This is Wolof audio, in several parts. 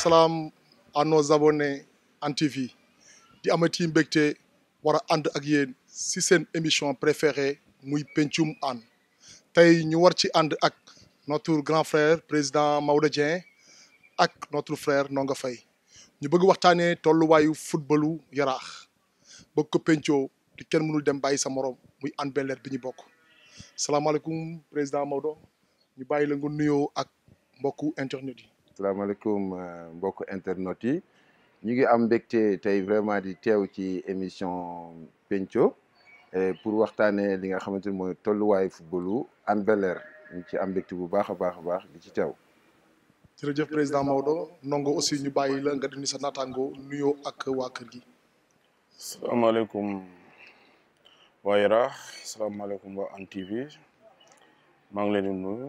Salam à nos abonnés en TV di amati mbégte wara and ak yéen si émission préférée muy pencum An. Tay ñu war ci and ak notre grand frère président Maodo et notre frère Ndonga Faye ñu bëgg tollu wayu footballu yaraax bëgg ko di kenn mënul dem bàyyi sa morom muy Salam président Maodo ñu la nga ak asalaamaaleykum euh, mbokk internet yi ñu ngi am mbégte tey vraiment di teew ci émission penco euh, pour waxtaanee li nga xamante ni mooy tolluwaayu footballu Hann bel ñu ci am mbégte bu baax a baax a baax di ci teew. jërëjëf président Maodo nongo aussi ñu bàyyi la nga dindi sa naataango nuyoo ak waa kër gi. asalaamaaleykum waa Yaraax asalaamaaleykum waa Hann TV maa ngi leen di nuyu.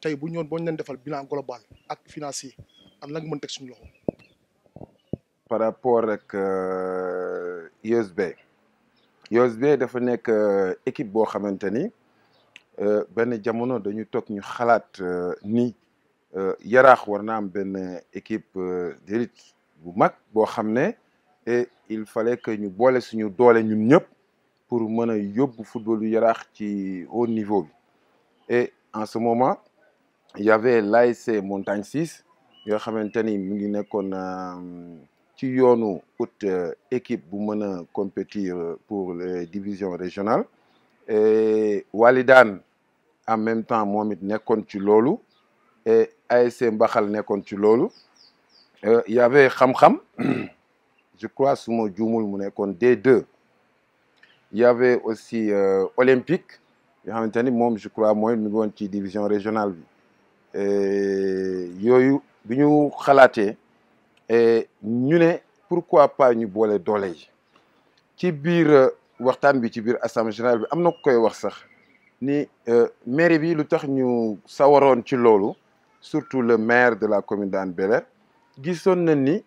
tay bu ñoon boo ñu defal bilan global ak financier am la nga mën teg suñu loxo. par rapport ak USB euh, USB dafa nek euh, équipe bo xamanteni ni euh, benn jamono dañu tok ñu xalaat ni yaraax warna am ben équipe d'élite bu mag bo xamné et il fallait que ñu boole suñu doole ñun ñëpp pour mëna a football yu yaraax ci haut niveau bi et en ce moment il y avait l'ASC Montagne 6 yoo xamante ni mu euh, ci euh, équipe bu mën compétir pour la division régionale et Walidan, en même temps Mohamed it ci et ASC Mbaxal nekkoon ci euh, il y avait xam-xam je crois sous mon mu D2 Il y avait aussi olympique je crois moi, mu ngi division régionale eh, yooyu bi ñu xalaatee eh, ñu ne pourquoi pas ñu boole doole yi ci biir euh, waxtaan bi ci biir assemblée générale bi am koy wax sax ni euh, mairie bi lu ñu surtout le maire de la commune de Hann na ni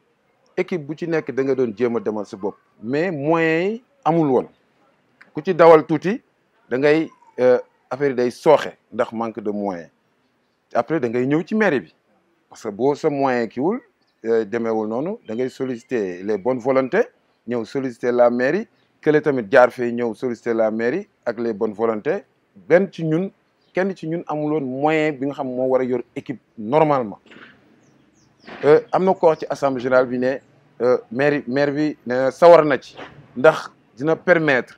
équipe bu ci nekk da nga a demal mais moyens amul woon ku ci dawal da ngay euh, affaire day manque de moyens après da ngay ñëw ci mairie bi parce que bo sa moyen kiwul euh, déméwul nonu da ngay solliciter les bonnes volontés ñëw solliciter la mairie le tamit jaar fee ñëw solliciter la mairie ak les bonnes volontés ben ci ñun kenn ci ñun amuloon moyen bi nga xam mo wara yor équipe normalement euh amna ko ci assemblée générale bi euh mairie maire bi ne sawar na ci ndax dina permettre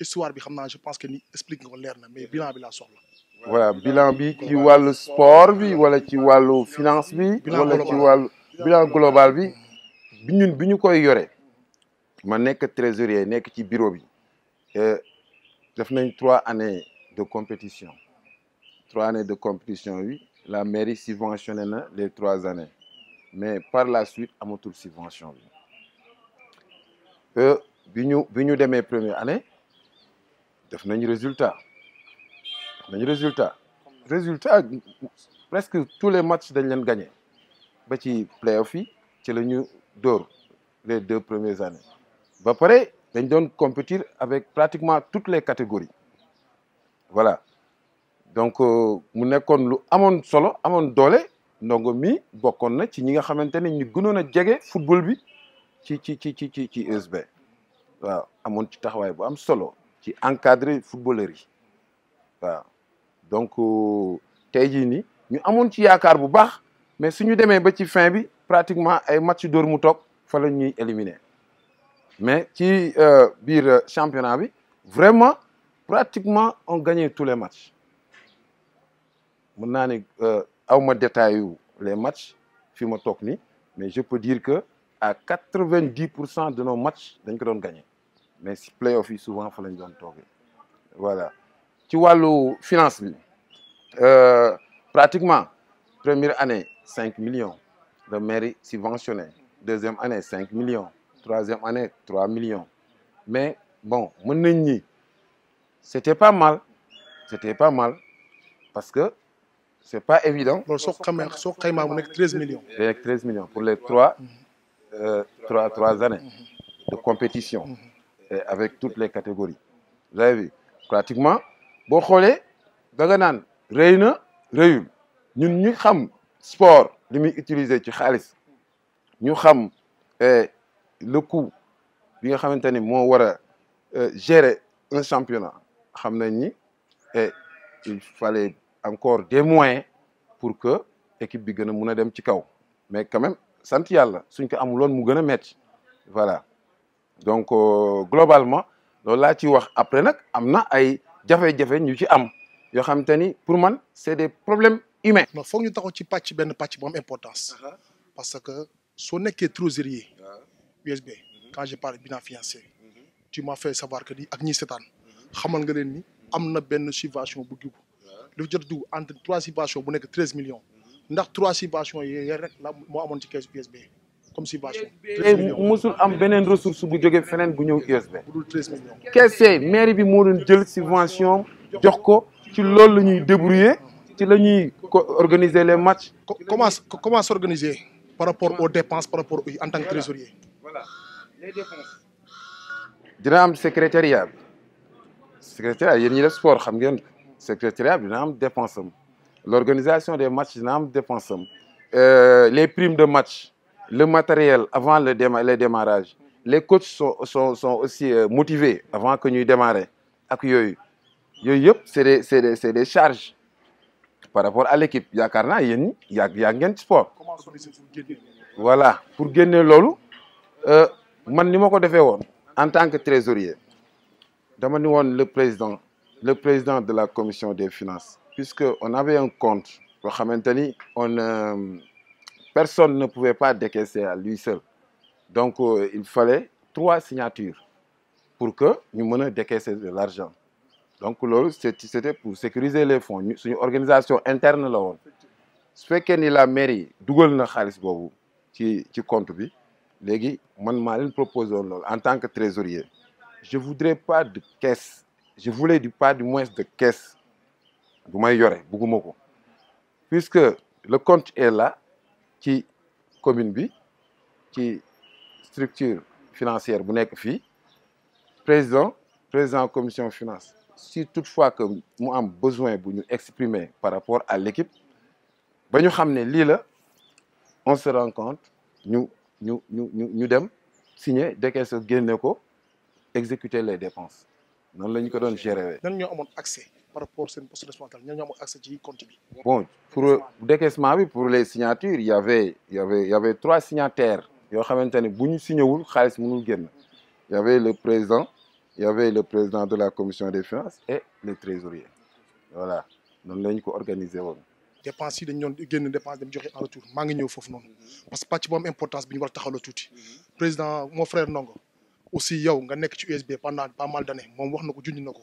histoire bi xamna je pense que ni explique nga leer na mais bilan bi la soxla. voilà bilan bi ci wàllu sport bi wala ci walu finance bi. wala ci wàllu bilan global bi. bi ñun bi ñu koy yore ma nek trésorier nek ci bureau bi def nañ trois années de compétition trois années de compétition oui, la mairie subventionné na les trois années mais par la suite amatul subvention bi euh biñu biñu démé demee première année def nañ résultat def résultat résultat presque tous les matchs dañ leen gagné ba ci playoff yi ci lañu les deux premières années ba pare dañ compétir avec pratiquement toutes les catégories voilà donc euh, mu nekkoon lu solo amoon doole ndongo mi bokkoon na ci ñi nga ne ñu a jege football bi ci ci ci ci ci ci waaw ci bu am solo ci encadré footballeur donc euh, tey nous avons ñu amoon ci yaakaar bu baax mais suñu demee ba ci fin pratiquement ay match dóor mu fallait fa éliminer mais ci euh, biir euh, championnat vraiment pratiquement on gagné tous les matchs mën naa ne aw ma détail les matchs fi ma mais je peux dire que à 90% de nos matchs dañ ko gagné mais si playoff off souvent fallait y voilà Tu vois le financement. Euh, pratiquement première année 5 millions de mairie subventionné deuxième année 5 millions troisième année 3 millions mais bon mon c'était pas mal c'était pas mal parce que c'est pas évident. donc millions. On millions pour les trois euh, années de compétition. Mm-hmm. Euh, avec toutes les catégories vous avez vu pratiquement si vous regardez, vous sport qui utiliser ci Nous ñu euh, le coup bi euh, gérer un championnat xam nañ et il fallait encore des moyens pour que équipe bi mais quand même c'est un voilà donc euh, globalement loolu laa ci wax après nag am na ay jafe-jafe ñu ci am yoo xam te ni pour man c'est des problèmes humains. non faut ñu taxaw ci pàcc benn pàcc bu am importance. Uh-huh. parce que soo nekkee trésorier. USB uh-huh. uh-huh. quand je parle bilan financier. tu m'as fait savoir que ni ak ñi seetaan. xamal nga leen ni am na subvention bu dugg. dafa jot dugg entre trois subventions bu nekk 13 millions. ndax trois subventions yooyu rek la moo amoon ci caisse USB comme subvention. musul am beneen ressource bu jóge feneen bu ñëw USB. bu dul treize millions. mairie bi moo doon jël subvention jox ko ci loolu la ñuy débrouiller ci la ñuy organiser les matchs. comment comment s'organiser par rapport aux dépenses par rapport en tant que trésorier. voilà les dépenses. Je am secrétariat bi secrétariat yéen ñi sport xam ngeen secrétariat bi dina am dépense am des matchs dina am dépense am euh, les primes de matchs le matériel avant le, démarrage. Les coachs sont, aussi euh, motivés avant que nous démarrions. C'est des, c'est des, charges par rapport à l'équipe. Il y a Karna, il y a, il y a sport. Voilà. Pour gagner l'eau, fait en tant que trésorier, Je le président, le président de la commission des finances, puisqu'on avait un compte, on, euh, Personne ne pouvait pas décaisser à lui seul. Donc, euh, il fallait trois signatures pour que nous puissions décaisser de l'argent. Donc, c'était pour sécuriser les fonds. C'est une organisation interne. Là fait que ni la mairie Dougal na xaalis boobu ci ci compte bi je man propose en tant que trésorier je voudrais pas de caisse je voulais du pas du moins de caisse ne may pas de caisse. puisque le compte est là qui commune bi la structure financière bu nek Présent, président président commission finance si toutefois que mu besoin de nous exprimer par rapport à l'équipe ba ñu xam ne la on se rend compte nous ñu ñu ñu dem signer génné exécuter les dépenses Non, le ko gérer. accès par rapport seen poste responsable ñoo ñoo am accès ci compte bi. bon pour décaissement bi pour les signatures il y avait il y avait il y avait trois signataires yoo xamante ne bu ñu signé wul xaalis mënul génn il y avait le président il y avait le président de la commission des finances et le trésorier voilà noonu la ñu ko organiser woon. dépense yi dañ doon génn dépense dem joxe en retour maa ngi ñëw foofu noonu parce que pàcc bu am importance bi ñu war a taxawloo mhm. président mon frère Nongo, aussi yow nga nekk ci USB pendant pas mal d'années moom wax na ko junj na ko.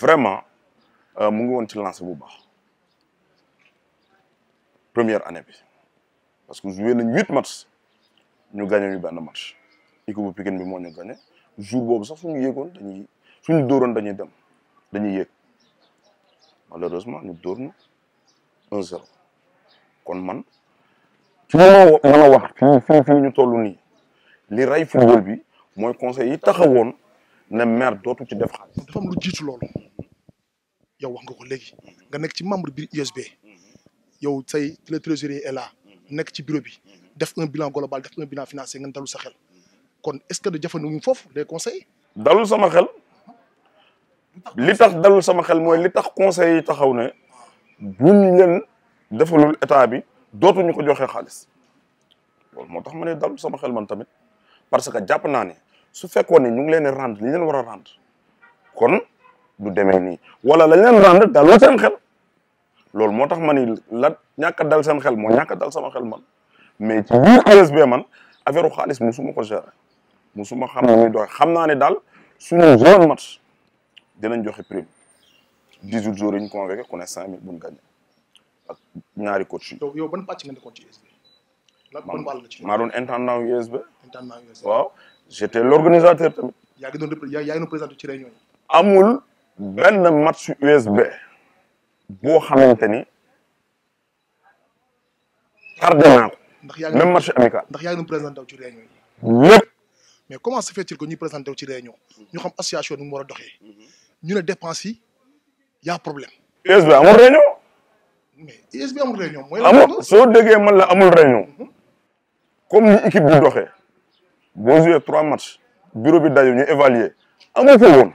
vraiment euh, mu ngi woon ci première année bi parce que jouer 8 huit matchs ñu gagné ñu benn match équipe bu Pikine bi moo ñu gagné jour boobu sax suñu yéegoon dañuy suñu dóoroon dañuy dem dañuy malheureusement ñu dóor na 0 zéro kon man ci mënoo mën a wax fii fii ñu li ray football bi moy conseil yi taxawone ne mer dootu ci def xal dafa lu jitu loolu yow wax nga ko léegi nga nekk ci membre biir USB yow say le trésorier et la nekk ci bureau bi def un bilan global def un bilan financier ngeen dalul sa xel kon est-ce que da jëfandiku foofu les conseils. dalul sama xel li tax dalul sama xel mooy li tax conseils taxaw ne buñ leen defalul état bi dootuñu ko joxe xaalis loolu moo tax ma ne dalul sama xel man tamit parce que jàpp naa ne su fekkoon ne ñu ngi leen rend li leen war a rendre kon. du démé ni wala lañ leen rendre dal wa seen xel lool motax tax la ñaka dal seen xel mo ñaka dal sama xel man mais ci biir ASP man affaireu u xaalis musuma ko gérer musuma xam ni do xamna ni dal suñu zone match dinañ joxe prime 18 jours yi ñu convoqué ku ne 5000 buñu gagné ak ñaari coach yi. yow yow ban patch nga ne ko ci USB la ban wàll ci ma doon intendant USB intendant USB waaw. j'étais l'organisateur tamit. ya gi doon ya ya ngi présenter ci réunion yi. amul. benn match USB bo xamanteni ni même match amical. ndax yaa ngi présenté ci réunion yi. mais comment se fait-il que ñuy présenté ci réunion ñu xam association ñu wara war ñu né dépenses yi y' a problème. USB amul réunion. mais USB amul réunion. mooy amul so déggee man la amul réunion. Mhm. comme ni équipe bi doxee. bo jouer 3 matchs bureau bi daje ñu évaluer amul ko woon.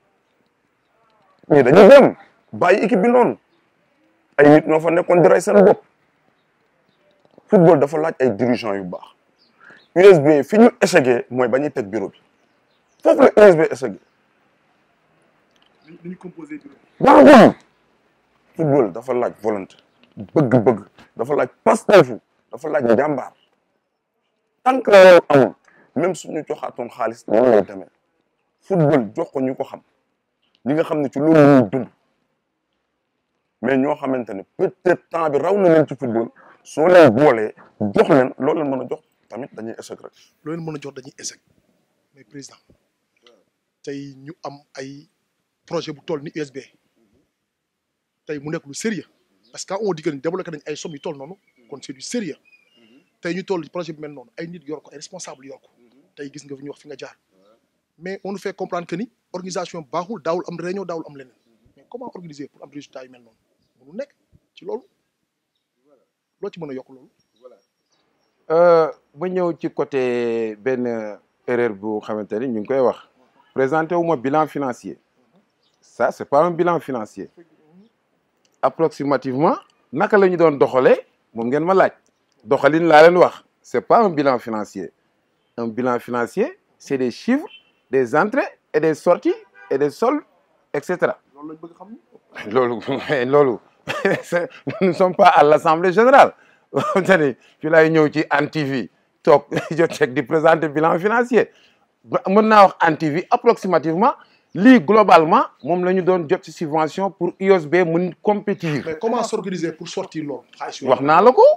ñii dañuy dem bàyyi équipe bi noonu ay nit ñoo fa nekkoon di rey seen bopp football dafa laaj ay dirigeants yu baax USB fi ñu échecgee mooy ba ñuy teg bureau bi foofu la USB échecgee. dañuy composé bureau bi. dafa laaj volonté bëgg-bëgg dafa laaj pastefu dafa laaj njàmbaar tant que loolu amul même suñu joxaatoon xaalis noonu lay demee football jox ko ñu ko xam. ñi nga xam ne ci loolu ñuy dund mais ñoo xamante ne peut-être temps bi raw na leen ci football soo leen boolee jox loolu leen mën a jox tamit dañuy échec rek. loolu leen mën a jox dañuy échec mais président tey ñu am ay projet bu toll ni USB tey mu nekk lu sérieux parce que on dit que ni débloqué nañ ay somme yu toll noonu kon c'est du sérieux tey ñu toll projet bu mel noonu ay nit yor ko ay responsable yor tey gis nga fi ñu wax fi nga jaar. mais on nous fait comprendre que ni organisation baaxul daoul am réunion daawul am leneen mais comment organiser pour am résultat yu mel non mënu nek ci lolu loo ci mën yok lolu euh ba ñëw ci côté ben erreur bu xamanteni ñu koy wax présenté wu bilan financier ça c'est pas un bilan financier approximativement naka lañu ñu doon doxalee moom ngeen ma laaj doxalin l'a leen wax c'est pas un bilan financier un bilan financier c'est des chiffres des entrées et des sorties et des soldes, etc. Lolo, Nous ne sommes pas à l'Assemblée générale. Tu l'as eu qui antivi. Donc, je check du présenter bilan financier. Maintenant, antivie, approximativement. Li, globalement, nous lañu donne jot ci subvention pour IOSB mën Mais comment s'organiser pour sortir l'or?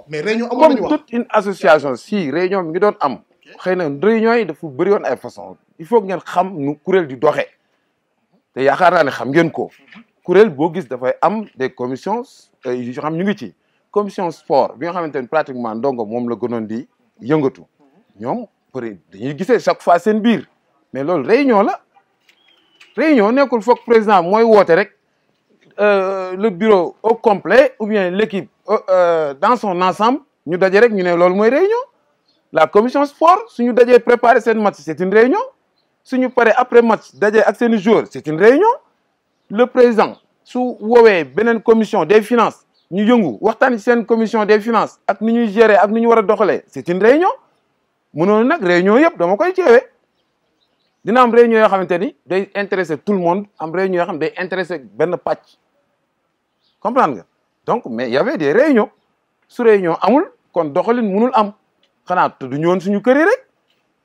Mais Comme toute une association si réunion nous donne un xëy na réunion yi dafa bëri woon ay façon il faut ngeen xam nu kuréel di doxee te yaakaar naa ne xam ngeen ko kuréel boo gis dafay am des commissions euh, yu xam ñu ngi ci commission sport bi nga xamante ne pratiquement ndongo moom la gënoon di yëngatu ñoom peut dañuy gisee chaque fois seen biir mais loolu réunion la réunion nekkul foog président mooy woote rek euh, le bureau au complet ou bien l'équipe euh, dans son ensemble ñu daje rek ñu ne loolu mooy réunion la commission sport si nous préparer cette match c'est une réunion Si nous préparons après match réunion. une réunion le président su avons une commission des finances ñu finances, nous c'est une commission des finances ak ni gérer ak a une réunion avons une réunion yëpp dama koy dina am réunion yo xamanteni tout le monde am réunion yo xam day intéresser benn patch comprendre nga donc mais il y avait des réunions sous réunion amul kon doxalin mënul am xanaa tudd ñu won suñu kër yi rek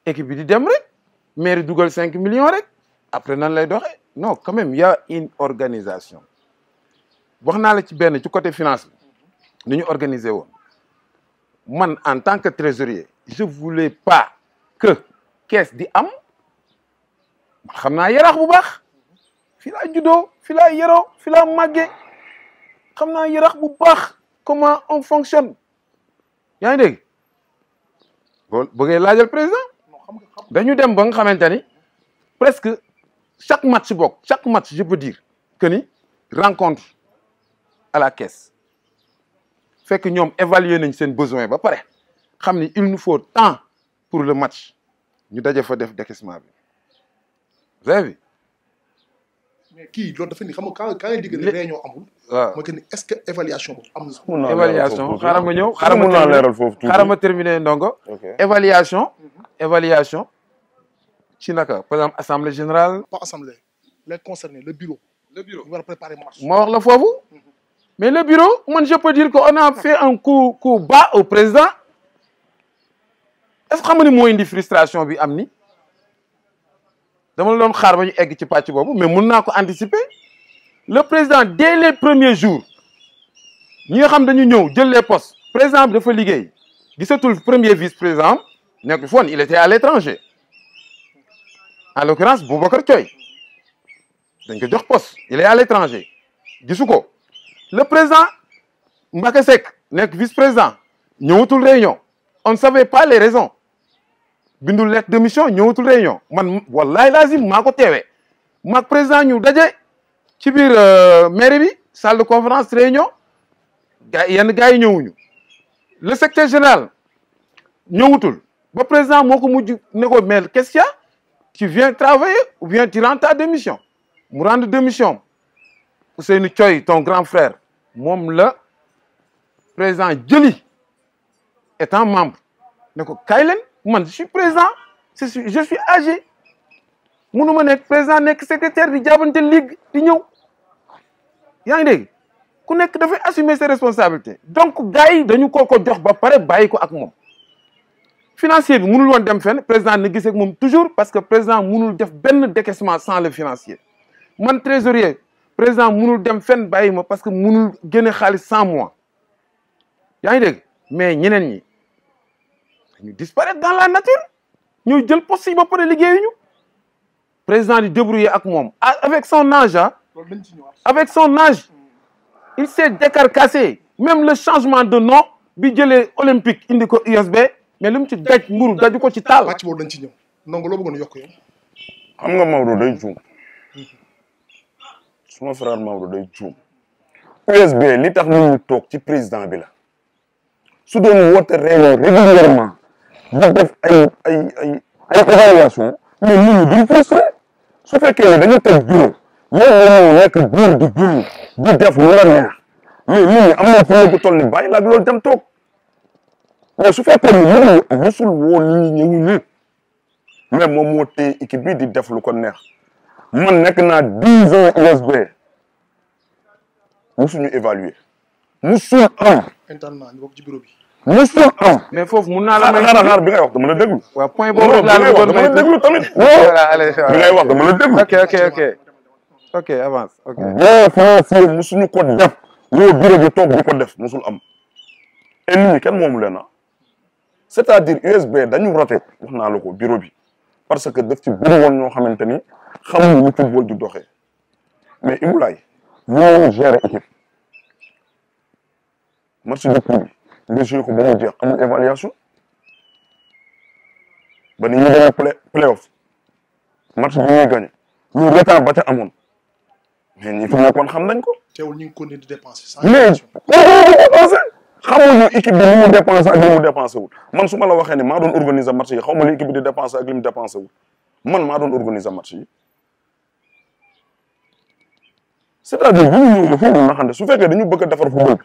équipe bi di dem rek mairie dugal 5 millions rek après nan lay doxé non quand même y a une organisation wax naa la ci benn ci côté finance bi ni ñu organiser woon man en tant que trésorier je voulais pas que caisse di am xamna xam bu bax fi laa judo, fi laa yaroo fi laa màggee xam naa bu bax comment on fonctionne yaa ngi dégg boo la le président dañu dem ba nga presque chaque match bok, chaque match je peux dire que ni rencontre à la caisse fait que évaluer nañ seen besoin ba pareil il nous faut temps pour le match nous devons fa des caisses vous avez vu qui loolu dafa quand quand il dit que ne réunion amul. waaw est-ce que évaluation a am évaluation évaluation Je ma terminer évaluation. Mhm. évaluation ci naka par exemple assemblée générale. pas assemblée les concernés le bureau. le bureau ñu va préparer marche. la vous mhm. mais le bureau je peux dire qu'on a fait un coup coup bas au président est-ce que vous nga ni frustration bi mais mun naa anticipé le président dès les premiers jours ñi nga xam dañu ñëw jël les postes président bi dafa liggéey premier vice président il était à l'étranger en l'occurrence Boubacar dañ ko jox poste il est à l'étranger gisu le président Mbacké le vice président ñëwatul réunion on ne savait pas les raisons bindul lettre de mission réunion man wallahi lazim président ñu ci euh, mairie bi salle de conférence réunion yenn le secteur général ba président moko tu viens travailler ou bien tu rends ta démission mu rendre démission ton grand frère mom la président jëli étant membre man je suis président je suis âgé Je suis présent, président suis secrétaire di la ligue di ñëw Vous ngi dégg ku assumer ses responsabilités donc gars yi dañu ko ko jox ba pare bàyyi ko ak moom financier bi mënul woon dem fenn président ne gisee ak toujours parce que le président ne pas faire benn décaissement sans le financier man trésorier président ne dem pas bàyyi ma parce que mënul génne xaalis sans moi yaa ngi dégg mais ñeneen ñi disparaître dans la nature nous jël possible pour les Le président de débrouillé avec son âge ah, avec son âge il s'est décarcassé même le changement de nom bi olympique USB mais il mu ci mburu Non, ko frère USB li président bi la régulièrement daf def ay ay ay ay évaluation mais nit ñi su fekkee ne dañu teg bureau yow nga ñëw nekk buur di julli di def lu la neex mais nit am na fu ñu ko toll ni bàyyi laag loolu dem toog mais su fekkee ne nit musul woo nit ñi ñëwuñu mais moom moo téye équipe bi di def lu ko neex man nekk naa dix ans USB musuñu évaluer musul am. internement ñu bokk ci bureau bi. Monsieur un. mais foofu mun naa la ah, may xaar xaar bi ngay wax dama la déglu. waaw point boobu laa la doon may déglu tamit. voilà allez bi ngay wax dama la déglu. ok ok ok ok avance. ok boo foofee mosuñu ko def. loo bureau bi toog di ko def mosul am. et nit ñi kenn moomu leen ah. c'est-à-dire USB dañu rote wax naa la ko bureau bi parce que daf ci bëri woon ñoo xamante ni xamuñu lu football di doxee mais Ibou Laye ñoo gérer équipe match de poule bi. nga joué ko ba mu jeex amul évaluation ba ni ñu demee play playoff match bi ñuy gagné ñu retard ba ca amoon mais ñi fi nekkoon xam nañ ko. teewul ñu ngi continué di dépenser. sans émission mais ñu dépensé xamuñu ak li mu dépensé wul man su ma la waxee ne maa doon organiser match yi xaw ma li bi di dépensé ak li mu dépensé wul man maa doon organiser match yi. c'est-à-dire bu ñu ñëwee fii ñu su fekkee dañu bëgg a defar football bi.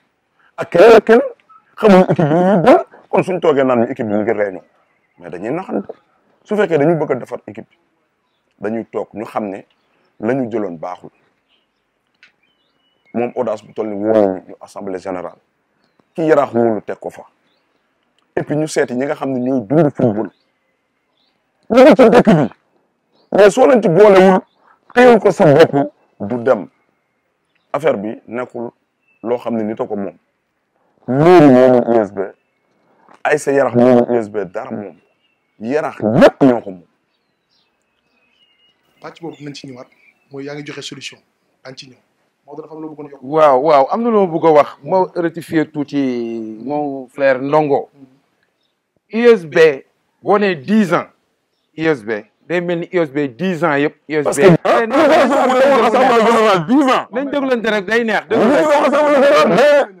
ak keneen ak keneen équipe bi ñuy kon suñ toogee naan ñu équipe bi mu ngi réunion mais dañuy naxante su fekkee dañu bëgg a defar équipe bi dañuy toog ñu xam ne la ñu jëloon baaxul moom audace bu ni wóolu ñu assemblée général ki yaraax wóolu teg ko fa et ñu seeti ñi nga xam ne ñooy dund football ñu ngi ci dëkk bi mais soo leen ci boolewul téyel ko sa bopp du dem affaire bi nekkul loo xam ne nit a ko moom Mourou moomu USHB Aïssa Yarax moomu USHB dara moom Yarax lépp ñoo ko moom. pàcc boobu nañ ci yaa ngi joxe solution daañu ci ñëw Maodo dafa am loo bëggoon a yokk. waaw waaw am na loo bëgg a wax moo rectifier tuuti mon frère Ndongo. USHB boo nee dix ans USHB day mel ni USHB dix ans yëpp. parce que ah non non non non non non non non non non non non non non non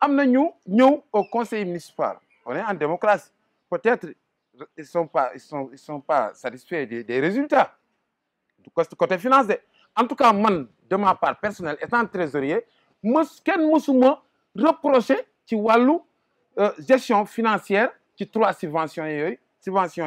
amenons nous, au conseil municipal on est en démocratie peut-être ils sont pas ils sont ils sont pas satisfaits des résultats du côté financier. en tout cas moi, de ma part personnelle étant trésorier je ne pas reproché ci la euh, gestion financière ci trois subventions subventions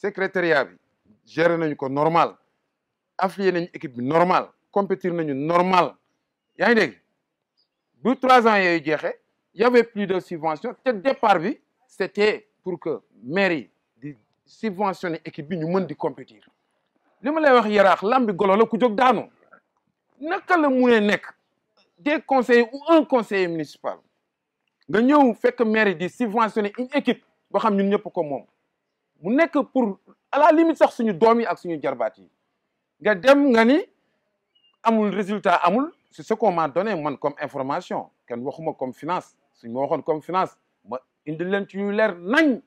secrétariat bi géré nañu ko normal affilié nañu équipe bi normal compétir nañu normal yaa dég. dégg bu trois ans yoy jeexee y avait plus de subvention Ce départ bi c'était pour que mairie di subventionner équipe bi ñu mën di compétir li lay wax yaraax lambi golo la ku jóg daanu naka la munee nekk des conseillers ou un conseiller municipal nga ñëw fekk mairie di subventionner une équipe boo xam ñun ñëpp ko moom mu que pour à la limite sax suñu domi ak suñu jarbaat yi nga dem nga ni amul résultat amul c'est ce qu'on m'a donné man comme information ken waxuma comme finance suñu ma comme finance ma indi leen ci ñu leer nañ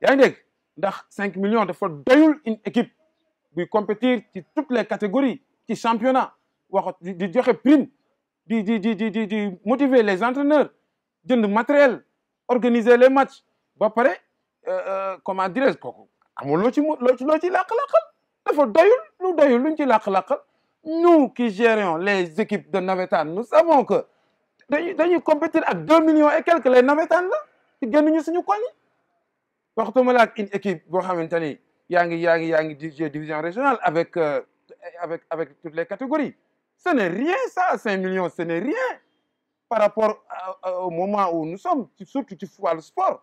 ya ngi ndax 5 millions dafa doyul une équipe buy compétir ci toutes les catégories ci championnat wax di joxe prime di di di di di di motiver les entraîneurs jënd matériel organiser les matchs ba pare euh, euh, comment dirais-je il ci ci nous qui gérons les équipes de Navetan, nous savons que nous compétons compétir 2 millions et quelques les Navetan. là ci génnuñu suñu koñ waxtuma la une équipe qui xamante une division régionale avec euh, avec avec toutes les catégories ce n'est rien ça 5 millions ce n'est rien par rapport au moment où nous sommes surtout tu ci le sport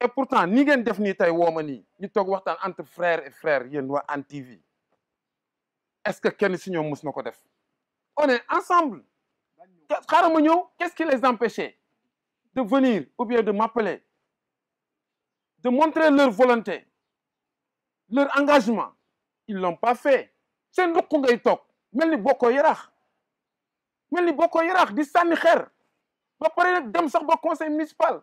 et pourtant ni ngeen def ni tey woo ma ñu entre frères et frères, yéen waa en TV est-ce que kenn si ñoom mus def on est ensemble qu'est-ce qui les empêchait de venir ou bien de m'appeler de montrer leur volonté leur engagement ils l'ont pas fait C'est ruq ngay tok. mel ni bokkoo yaraax mel ni bokkoo yaraax di ça xeer ba pare nag dem sax ba conseil municipal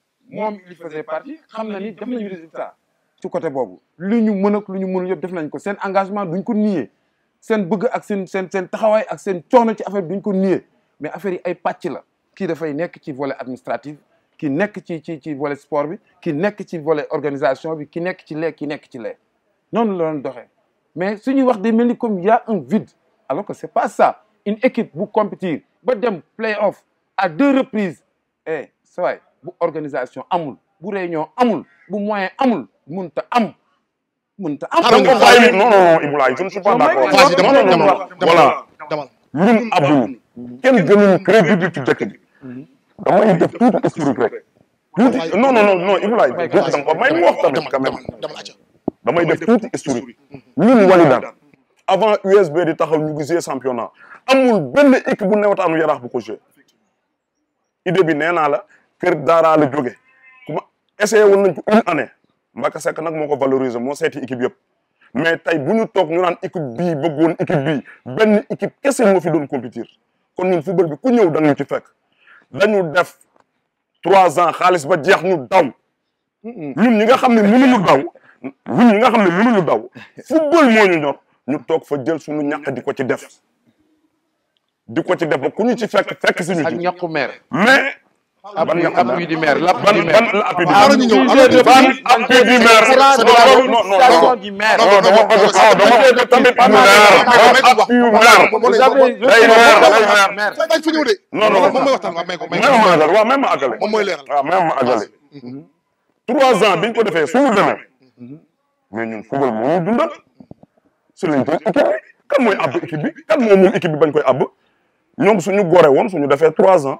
moom il faisait partie xam na ni def nañu résultat ci côté boobu lu ñu mën ak lu ñu def nañ ko seen engagement duñ ko nier seen bëgg ak seen seen seen taxawaay ak seen coono ci affaire bi duñ ko nier mais affaire yi ay pàcc la kii dafay nekk ci volet administratif ki nekk ci ci ci volet sport bi ki nekk ci volet organisation bi ki nekk ci lee ki nekk ci lee noonu la doon mais suñuy wax day mel ni comme y a un vide alors que c'est pas ça une équipe bu compétir ba dem play off à deux reprises eh sa waay bu organisation amul bu réunion amul bu moyen amul munta am. munta am non non non Ibrahima je ne suis pas d'accord. voilà non non voilà. ñun abul kenn gënuñu crédit du dëkk bi. damay def tout historique rek. tuuti non non non Ibrahima dama ko may mu wax tamit quand même. damay def tout historique. ñun Walidaan avant USB di taxaw ñu gisee championnat amul benn équipe bu newataanu yaraax bu ko jouer idée bi nee la. kër daaraa la jóge ku ma essayé woon nañ ko une année Mbaka Seck nag moo ko valoriser moo seeti équipe yëpp mais tey bu ñu toog ñu naan équipe bii bëggoon équipe bii benn équipe kese moo fi doon compétir kon ñun football bi ku ñëw da ñu ci fekk dañu def trois ans xaalis ba jeex ñu daw ñun ñi nga xam ne mënuñu daw ñun ñi nga xam ne mënuñu daw football moo ñu ñor ñu toog fa jël suñu ñàkk di ko ci def di ko ci def ba ku ñu ci fekk fekk si ñu ci mais ban appui du maire ban ah, ban appui du maire ban appui du maire non non non non non non non non non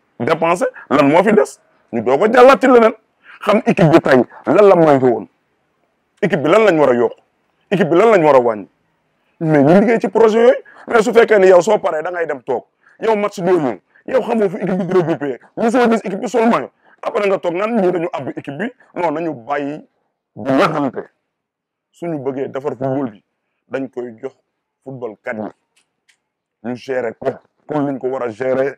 dépensé lan mo fi dess ñu doko a lenen xam équipe bi tay lan la fi won équipe bi lan lañ wara a équipe bi lan lañ wara a mais ñu liggéey ci projet yoy mais su fekké ni yow so paré da ngay dem tok yow match do ñu yow xamoo fi équipe bi di regroupé ñu so gis équipe bi sol mayo après nga tok nan ñi dañu ab équipe bi non nañu bu di xamanté suñu bëggee défar football bi dañ koy jox football kat ñu géré ko comme liñ ko wara a gérer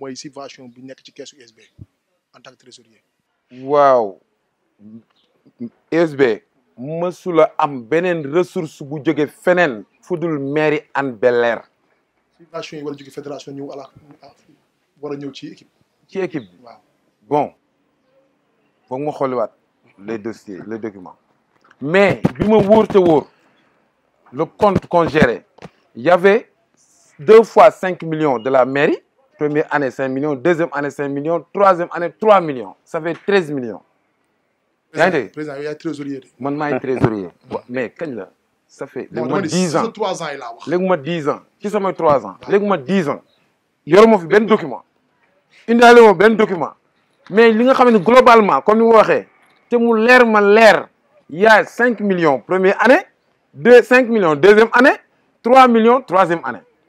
Moi, ici subvention bi nek ci keesu USB en tant que trésorier. waaw USB mësula am benen ressource bu jóge fenen fudul mairie Hann Bel-Air. Vachon yi war a fédération ñëw ala war a ci équipe. ci équipe waaw bon mo ma wat les dossiers les documents. mais bi ma wóor te le compte qu'on gérait y avait deux fois 5 millions de la mairie. Première année, 5 millions. Deuxième année, 5 millions. Troisième année, 3 millions. Ça fait 13 millions. Président, y y un un trésorier Je suis un trésorier. mais là, ça fait. 10 ans 3 ans a laa 10 ans sont mes 3 ans. y a 10 ans Il yor a fi ben document. y a benn document. mais ce que vous savez, globalement comme ni ans. waxee te mu leer ma il y a 5 millions première année. 5 millions deuxième année. 3 millions troisième année.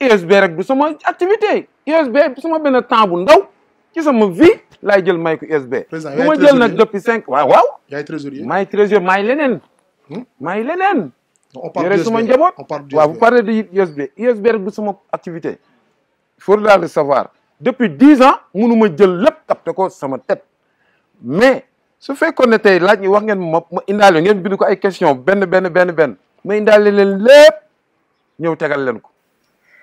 USB rek du sama activité USB sama ben temps bu ndaw ci sama vie lay jël may ko USB. bu ma jël nak depuis 5 waaw waaw. yaay trésorier maay trésorier maay lenen maay hmm? lenen on parle de sama njaboot waaw vous parlez de USB USB rek du sama activité. il faut la le savoir depuis 10 ans mënuma jël lepp capté ko sama tête mais su fekkoon ne tey laaj ñi wax ngeen ma indal ngeen bind ko ay question ben ben ben ben ma indal leen lepp ñew tégal leen ko.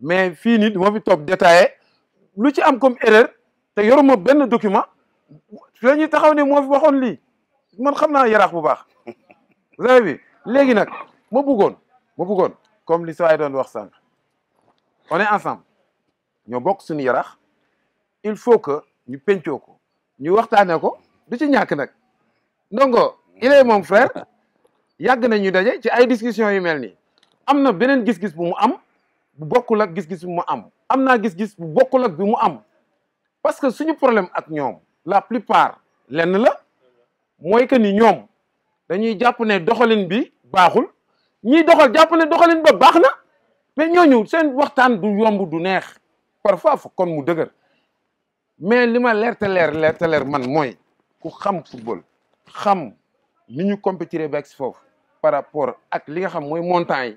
mais fini de mon fi toog détaillé lu ci am comme erreur te yoruma ben document su la ñuy taxaw ne moo fi waxoon lii man xam naa yaraax bu baax vous avez vu les nag mon bougon mon bougon comme li saa dans le wax on est ensemble ñoo bokk suñu yaraax il faut que ñu pencoo ko ñu waxtaanee ko du ci ñàkk nak donc il est mon frère il nañ ñu daje ci ay discussions yu email ni am na gis-gis bu mu am. bu bokkul ak gis-gis bu mu am am naa gis-gis bu bokkul ak bi mu am parce que suñu problème ak ñoom la plupart lenn la mooy que ni ñoom dañuy jàpp ne doxalin bi baaxul ñiy doxal jàpp ne doxalin ba baax na mais ñooñu seen waxtaan du yomb du neex parfois fa kon mu dëgër mais li ma leer te leer leer leer man mooy ku xam football xam ni ñu compétiré beeg foofu par rapport ak li nga xam mooy montant yi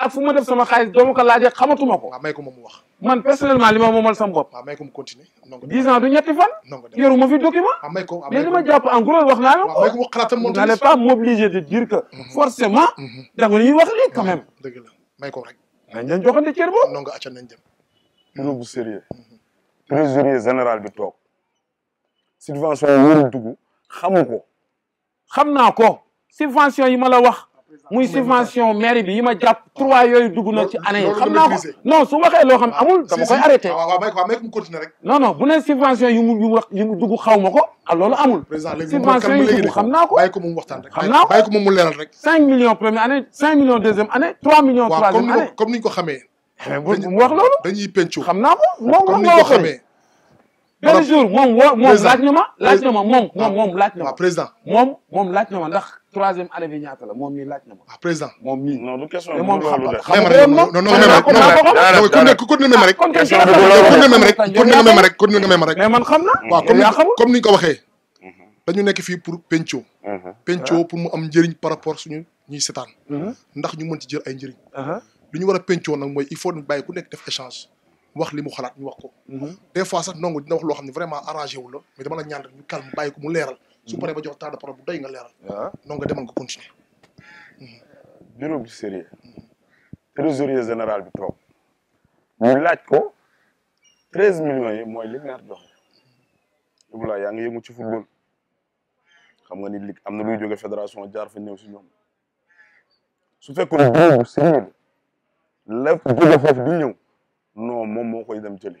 ak fu ma def sama xaliss doo ma ko laajee xamatuma ko. man personnellement limam momal sam bop bopp. may ko mu continuer. 10 ans du ñetti fan. yoru ma fi document. mais dama japp en gros wax na la. waaw may ko mu xalaatam moom tamit. pas m'obliger de dire que. Mhm. forcément. Mhm. danga ñuy wax lii quand même. deug la may ko rek. nañ leen joxante ciir boobu. non nga acca nañ dem. loolu bu sérieux mhm. trésorier général bi toog. subvention yi warul dugg xamu ko. xam naa ko subvention yi mala wax muy subvention mairie bi yi ma jàpp trois yooyu dugg ci année xamna ko non su waxe lo xam ah, amul dama koy arrêté ah, non non bu ne subvention yu mu yu mu yu mu dugg xaw ma ko ah loolu amul subvention yu dugg ko naa ko rek bay ko mum mu leeral rek 5 millions première année 5 millions deuxième année 3 millions troisième année comme niñ ko xamé eh, mu wax loolu dañuy pencho xamna ko mo moom ko xamé ben jour mom mom moom laaj na ma ah, mom na ma moom président mom mom laaj na ndax troisième année bi à la non non non non non non non non non non non non non non non non non mais non non non non non non non non non non non non pour non non pour non non non par rapport non non non non non non non non non non non non non non non non non faut non non non non échange. non non non non non non non des fois vraiment arrangé mais su paree ba jox temps de parole bu doy nga leeral. waaw ah. donc nga demal nga continuer. Mm-hmm. bureau sérieux mm-hmm. trésorier général bi toog ñu laaj ko treize millions yi mooy lig naat joxe Ibou yaa ngi yëngu ci football xam nga ni lig am na luy jóge fédération jaar fa ñëw si ñoom su fekkoon bureau bu sérieux la lépp jóge foofu du ñëw non moom moo koy dem jëli.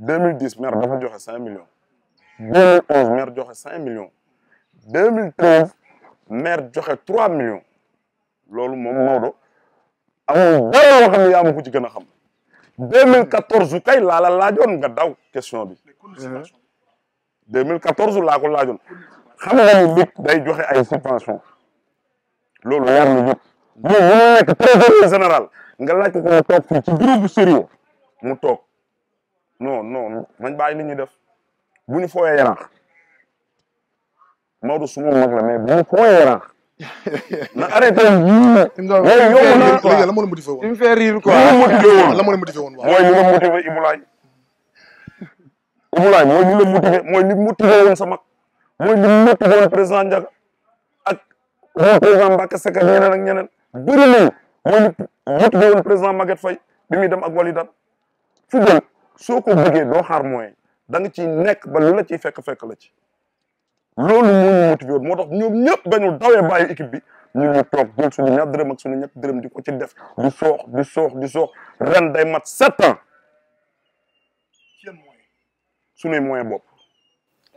2010 maire dafa joxe 5 millions 2011 maire joxe 5 millions 2013 maire joxe 3 millions loolu moom Maodo amul dara loo xam ne yaa ma ko ci gën a xam 2014 kay laa la laajoon nga daw question bi. 2014 la ko laajoon xam nga ni nit day joxe ay subvention loolu leer na ñëpp moom mu nekk trésorier général nga laaj ko ko mu toog fii ci groupe sérieux mu top. no no nañ bàyyi nit ñi def bu ñu fooyee yaraax Maodo suma mag la mais bu ñu fooyee yaraax na arrêté yii na. mooy yomb na quoi léegi la woon. faire rire quoi la moo la motivé mooy li la motivé Ibulaay Ibulaay mooy li la motivé mooy li motivé sa mag mooy li motivé woon président Ndiaga ak président Mbacke Seck ak ñeneen ak ñeneen bëri nañu mooy li motivé woon président bi muy dem ak Walidan fu jëm soo ko bëggee doo xaar moyen danga ci nekk ba lu la ciy fekk-fekk la ci loolu moo ñu moo tax ñoom ñëpp dañu dawee bàyyi équipe bi ñu ñu toog jël suñu ñaar dërëm ak suñu ñett dërëm di ko ci def di soox di soox di soox ren day mat sept ans suñuy moyen bopp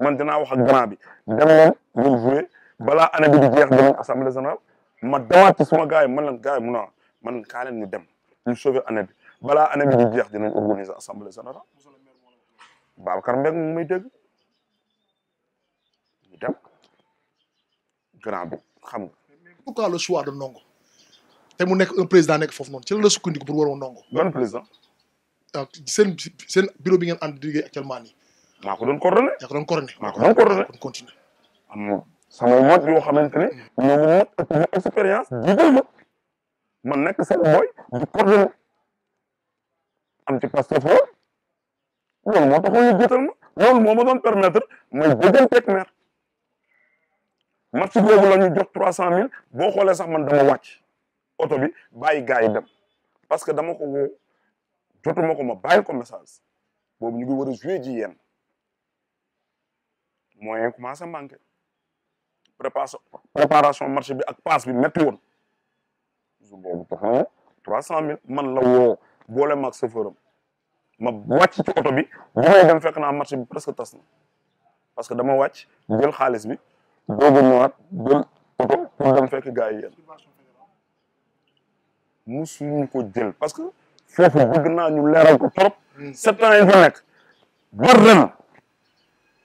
man dina wax ak grand bi dem leen ngeen joué bala année bi di jeex dem assemblée générale ma demaat ci suma gars man leen gaay yi mun man ka leen ñu dem ñu sauver année bi bala année bi di jeex dinañ organiser assemblée générale Babacar Mbengue mu may deug ñu dem grand bi xam nga. pourquoi le choix de nongo te mu nek un président nek fofu non ci la la sukkandiku pour waroon nongo ban président. sen sen bureau bi ngeen ànd diggé actuellement ni maa ko doon coordonné. yaa ko doon coordonné maa ko doon coordonné kon continué. am na sama mag yoo xamante ne. ñoom ñoo ëpp expérience jiital ma man nekk seen booy di coordonné am ci Pastef lool loolu moo taxoon ñu jiital ma loolu moo ma doon permettre may bëgganteeg maire match boobu la ñu jox trois cent mille boo xoolee sax man dama wàcc oto bi bàyyi gars yi dem parce que dama ko woo jotuma ko ma bàyyi ko message boobu ñu ngi war ji yéen. moyen commencé manqué préparation marché bi ak paas bi métti cent mille man la woo boole maag chauffeuram ma wàcc ci oto bi bi may dem fekk naa marché bi presque tas parce que dama wàcc jël xaalis bi doogu ñëwaat jël oto pour dem fekk gars yi yéen musuñu ko jël parce que foofu bëgg naa ñu leeral ko trop mm. sept ans yi fa nekk